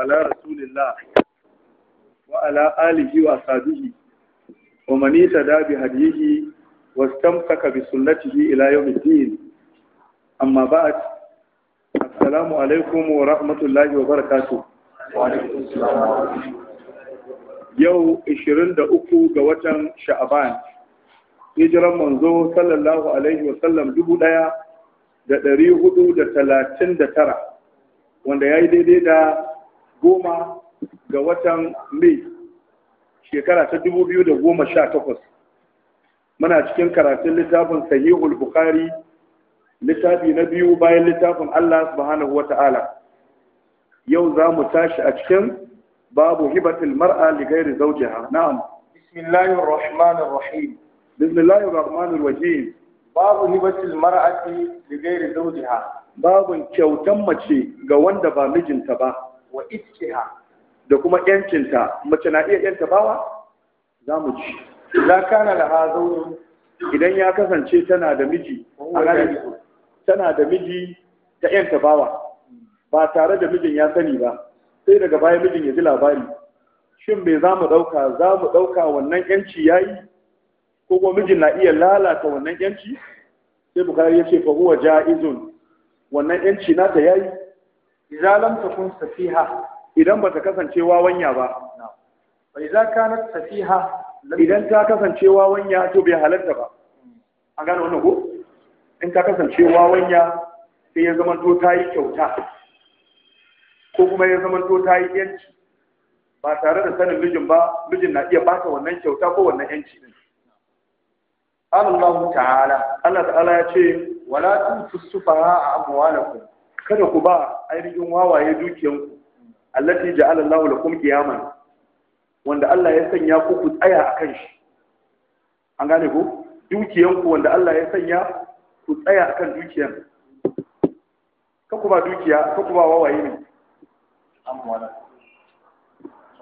على رسول الله وعلى آله وأصحابه ومن اهتدى بهديه واستمسك بسنته إلى يوم الدين أما بعد السلام عليكم ورحمة الله وبركاته وعليكم السلام ورحمة yau 23 ga watan sha'aban hijiran manzo sallallahu alaihi wasallam dubu daya da dari da tara wanda ya yi daidai da goma ga watan mai shekara ta dubu biyu da goma sha takwas muna cikin karatun littafin sahihul bukhari littafi na biyu bayan littafin allah subhanahu wa ta'ala yau za mu tashi a cikin babu hibatul mar'a li ghairi zawjiha na'am bismillahir rahmanir rahim bismillahir rahmanir rahim babu hibatul mar'ati li ghairi zawjiha babu kyautan mace ga wanda ba mijinta ba wa iskiha da kuma yancinta mace na iya yanta bawa za mu ci za kana da hazo idan ya kasance tana da miji tana da miji ta yanta bawa ba tare da mijin ya sani ba sai daga baya mijin ya ji labari shin me za mu ɗauka za mu ɗauka wannan yanci ya yi ko kuma mijin na iya lalata wannan yanci sai bukari ya ce fa huwa ja'izun wannan yanci nata yayi idza lam takun safiha idan ba ta kasance wawanya ba fa idza kanat safiha idan ta kasance wawanya to bai halarta ba an gano wannan ko in ta kasance wawanya sai ya zama to ta yi kyauta ko kuma ya zama to ta yi yanci ba tare da sanin mijin ba mijin na iya baka wannan kyauta ko wannan yanci din Allah ta'ala Allah ta'ala ya ce wala a amwalakum kada ku ba ainihin wawaye dukiyanku allati ja'ala Allahu lakum qiyaman wanda Allah ya sanya ku ku tsaya akan shi an gane ku dukiyanku wanda Allah ya sanya ku tsaya akan dukiyan ka ku ba dukiya ka ku ba wawaye ne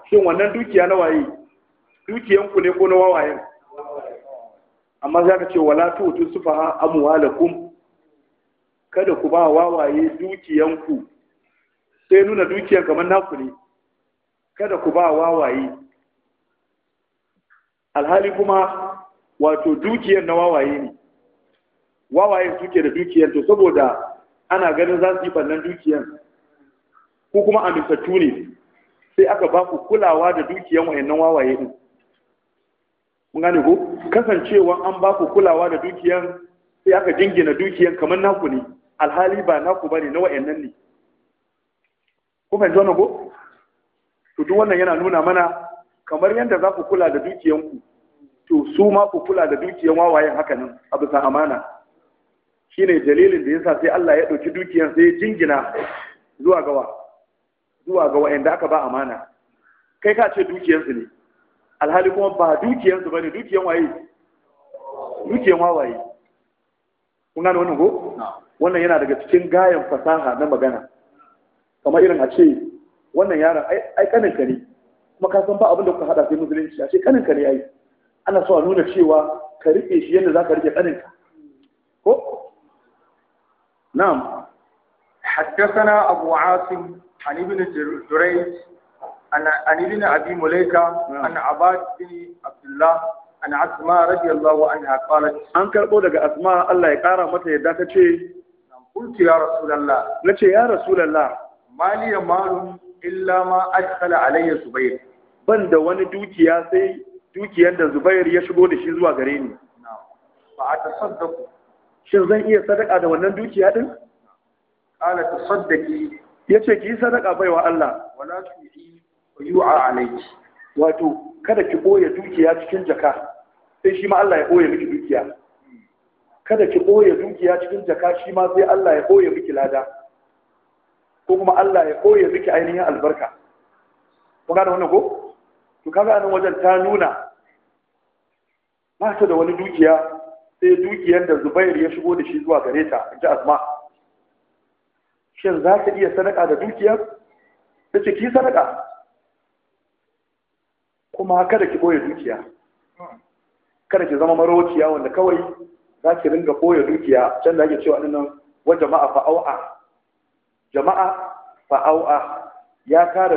shin wannan dukiya na waye dukiyanku ne ko na wawaye? amma za ka ce wala tu sufaha amwalakum kada ku ba wawaye dukiyanku sai nuna dukiyan kamar naku ne kada ku ba wawaye alhali kuma wato dukiyan na wawaye ne wawaye suke da dukiyan to saboda ana ganin za su yi bannan dukiyan ko kuma amintattu ne sai aka ba ku kulawa da dukiyan wayannan wawaye din mun gane ko kasancewa an ba ku kulawa da dukiyan sai aka jingina dukiyan kamar naku ne alhali ba naku ne na wa'annan ne Kuma fahimci wannan ko to wannan yana nuna mana kamar yadda za ku kula da dukiyanku to su ma ku kula da dukiyan wawayen hakanan abu bisa amana ne dalilin da yasa sai Allah ya ɗauki dukiyan sai jingina zuwa gawa zuwa ga wa'anda aka ba amana kai ka ce dukiyansu ne alhali kuma ba dukiyansu ba ne dukiyan waye dukiyan wawaye kun gane wannan ko wannan yana daga cikin gayan fasaha na magana kamar irin a ce wannan yaron ai kanin ka ne kuma ka san ba abin da kuka hada sai musulunci a ce kanin ka ne ai ana so a nuna cewa ka rike shi yadda za ka rike kanin ka ko na'am حدثنا أبو عاصم عن ابن جريج عن ابن أبي مليكة عن عباد بن عبد الله an asma radiyallahu anha qalat an karbo daga asma Allah ya kara mata yadda ta ce qultu ya rasulullah nace ya rasulullah mali ya malum illa ma adkhala alayya zubair ban da wani dukiya sai dukiyar da zubair ya shigo da shi zuwa gare ni Ba a fa atasaddaqu shin zan iya sadaka da wannan dukiya din qala tasaddaqi yace ki sadaka baiwa Allah wala tu'i yu'a alayki wato kada ki ɓoye dukiya cikin jaka sai shi ma Allah ya ɓoye miki dukiya kada ki ɓoye dukiya cikin jaka shi ma sai Allah ya ɓoye miki lada ko kuma Allah ya ɓoye miki ainihin albarka kun gane wannan ko to kaga anan wajen ta nuna ba ta da wani dukiya sai dukiyar da Zubair ya shigo da shi zuwa gare ta in ji azma shin za ta iya sadaka da dukiyar ta ce ki sadaka kuma kada ki boye dukiya kada ki zama marociya wanda kawai za ki ringa boye dukiya can da ake cewa nan wa jama'a fa'au'a jama'a fa'au'a ya kare